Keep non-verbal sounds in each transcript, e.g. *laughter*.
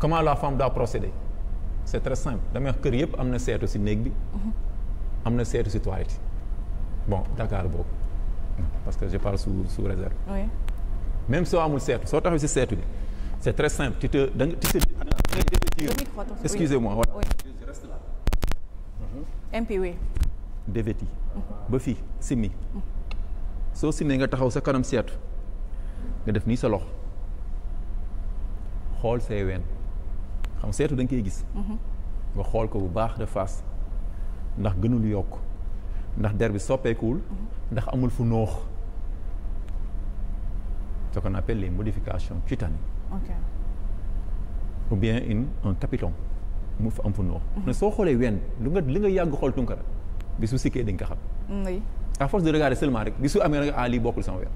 comment la femme daa procéder c'est très simple damay kër yëpp am na seetu ci néeg bi mhm. am na seetu ci toilette bon Dakar boobu parce que je parle sous sous réserve oui. même soo amul seetu soo taxaw ci seetu bi c'est très simple tu te da nga tu te excusez-moi mhm. mhm. ba fii simmi soo simmee nga taxaw sa kanam seetu nga def nii sa loxo xool say ween xam seetu da nga koy gis. Mhm. nga xool ko bu baax de face ndax gënul yokk ndax der soppeekuwul. Mhm. ndax amul fu noox. ce qu'on appelle les modifications cutanées. ok ou mu fa am mhm. soo xoolee wenn lu li nga yàgg xool tunkara bi su sikkee dañ ko xam. oui à force de regarder seulement rek bi su amee rek ah bokkul sama weer.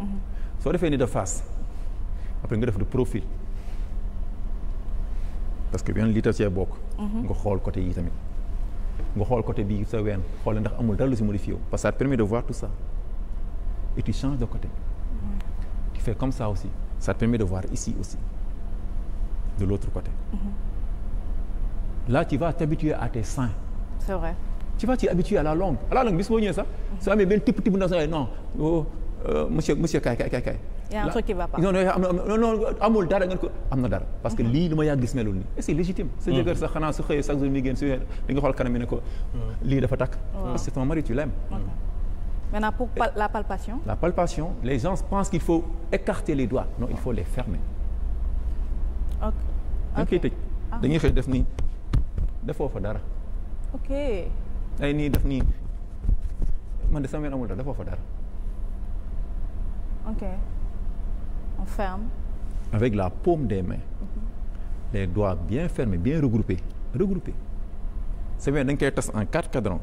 soo defee ni de face après nga def de profil. parce que yoon lii ta cee bokk. Mhm. nga xool côté yi tamit. nga xool côté bii sa ween xool ndax amul dara lu si modifié parce que ça te permet de voir tout ça et tu de côté. Mhm. tu fais comme ça aussi ça te de voir ici aussi de l'autre côté. Mhm. là tu vas t'habituer à tes seins. c'est vrai. tu vas t'y à la longue à la longue bis boo ñëwee sax. soo amee benn tibb tibb na sa non oh, euh, monsieur monsieur Kaay Kaay Kaay. y a un truc qui va pas. amul dara ngeen ko am na dara. parce que lii lu ma yàgg gis melul nii et c'est légitime. sa jëkkër sax xanaa su xëyee chaque jour mi génn su li nga xool kanam mi ne ko. Hmm. lii dafa takk. parce que ton mari tu l'aimes. maintenant pour pal la palpation. la palpation les gens pensent qu'il faut écarter les doigts non il faut les fermer. ok dañ koy tëj ah. dañuy def nii defoo fa dara. nii def nii man de sama yoon fa dara. ok. On ferme. Avec la paume des mains. Mm-hmm. bien fermés, bien regroupés. Regroupés. C'est bien dañ koy tas en quatre cadrans.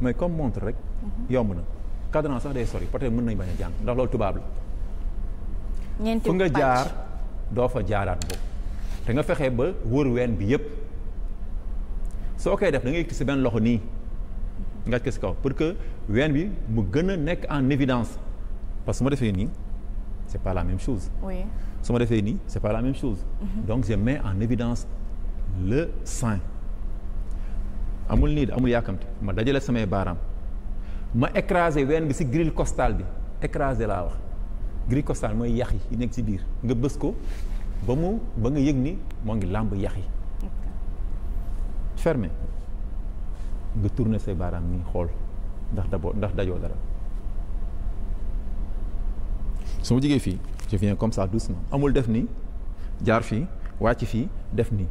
mais comme montre rek. Mm-hmm. yomb na cadran sax day sori peut-être mën nañu bañ a jàng ndax loolu tubaab la. ñeenti fu nga jaar doo fa jaaraat boobu. te nga fexe ba wër ween bi yépp soo koy def da ngay gis benn loxo nii. Mm-hmm. nga ci kaw pour que ween bi mu gën a nekk en évidence. parce que ma defee nii c' est pas la même chose. oui su ma defee nii c' est pas la même chose. Mhm. donc je mets en évidence le sein. amul nii amul yàkkamte ma dajale samay baaraam ma écrasé ween bi si grille costale bi écraser laa wax grille costale mooy yax yi nekk si biir nga bës ko ba mu ba nga yëg ni moo ngi làmb yax yi. fermé nga tourner say baaraam nii xool ndax d'abord ndax dajoo dara. su ma jigee fii je viens comme ça doucement amul def nii jaar fii wàcc fii def nii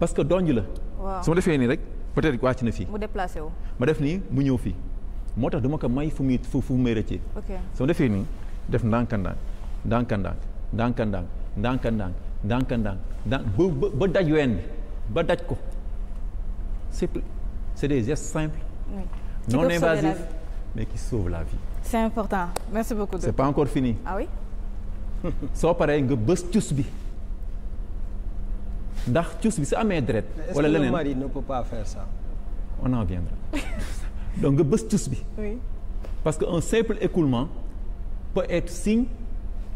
parce que donj la. waaw su ma defee nii rek peut-être wàcc na fii. mu déplacé wu. ma def nii mu ñëw fii moo tax duma ko may fu muy fu mu may rëccee. ok su ma defee nii def ndànk-ndànk ndànk-ndànk ndànk-ndànk ndànk-ndànk ndànk-ndànk ba ba daj ween bi ba daj ko c'est c'est des gestes simples. non invasifs mais qui sauve la vie. c'est important merci beaucoup. c'est pas encore fini. ah *laughs* soo paree nga bës cus bi ndax cus bi si amee deret. wala leneen est-ce que le mari ne *laughs* nga bës cus bi. parce que un simple écoulement peut être signe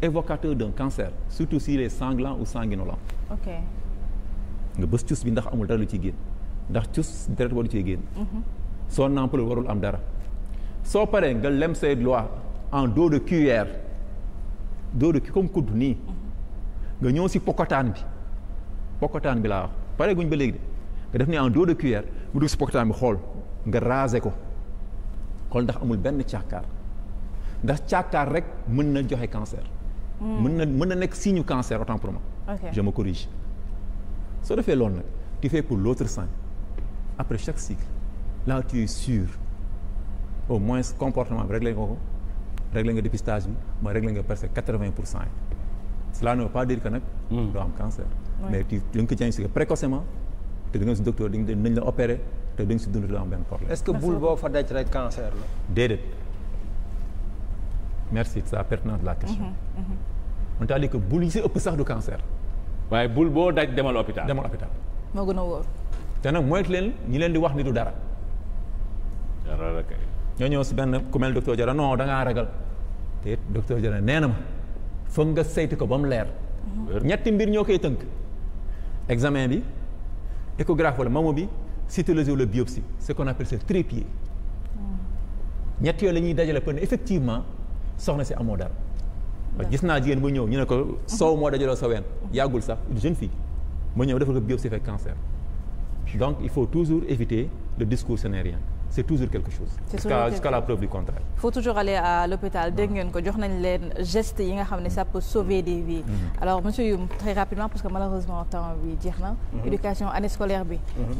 évocateur d'un cancer surtout s'il est sanglant ou sanguinolent. nga bës cus bi ndax amul dara lu ci génn ndax cus deret waru ciy génn. Mhm. soo nàmpal warul am dara. soo paree nga lem say doigts en dos de cuillère dos de comme kudd nii nga ñëw si pokotaan bi pokotaan bi laa wax pare guñ ba léegi de nga def ni en dos de cuillère mu dugg si pokotaan bi xool nga raser ko xool ndax amul benn càkkaar ndax càkkaar rek mën na joxe cancer. Hmm. mën na mën na nekk signe cancer autant pour moi. Okay. je me soo defee loolu nag tu fais pour l'autre sein après chaque cycle là tu es au moins comportement bi réglé nga ko réglé nga dépistage bi mooy réglé nga presque quatre-vingt pour cent yi cela ne veut pas dire que nag hmm. doo am cancer mais tu da nga ko diagnostiqué précocement te da nga si docteur dañ nañ la opéré te da nga si dund doo am benn problème est-ce que boule boo fa daj rek cancer la déedéet merci c'est la pertinence de la question mm-hmm, mm-hmm. on t'a dit que boule yi si ëpp sax du cancer waaye boule boo daj demal hôpital demal hôpital moo gën a wóor te nag moytu leen ñi leen di wax ni du dara dara la kay ñoo ñëw si benn ku mel docteur Diarra non da ngaa ragal te docteur Diarra nee na ma foog nga saytu ko ba mu leer. ñetti mbir ñoo koy tënk. examen bi échographe wala mammo bi cytologie wala biopsie ce qu'on appelle ce trépied. Hmm. ñett la ñuy dajale pour effectivement soxna si amoo dara. gis naa jigéen bu ñëw ñu ne ko soow moo dajaloo sa ween yàggul sax une jeune fille mu ñëw defal ko biopsie fekk cancer. Hmm. donc il faut toujours éviter le discours scénarien. c'est toujours quelque chose. jusqu'à jusqu'à la du contraire. il toujours aller à l'hôpital dégg ngeen geste yi nga xam ne ça sauver des vies. Mhm. alors monsieur Youm très rapidement parce que malheureusement temps bi jeex mhm. éducation année scolaire bi. Mhm.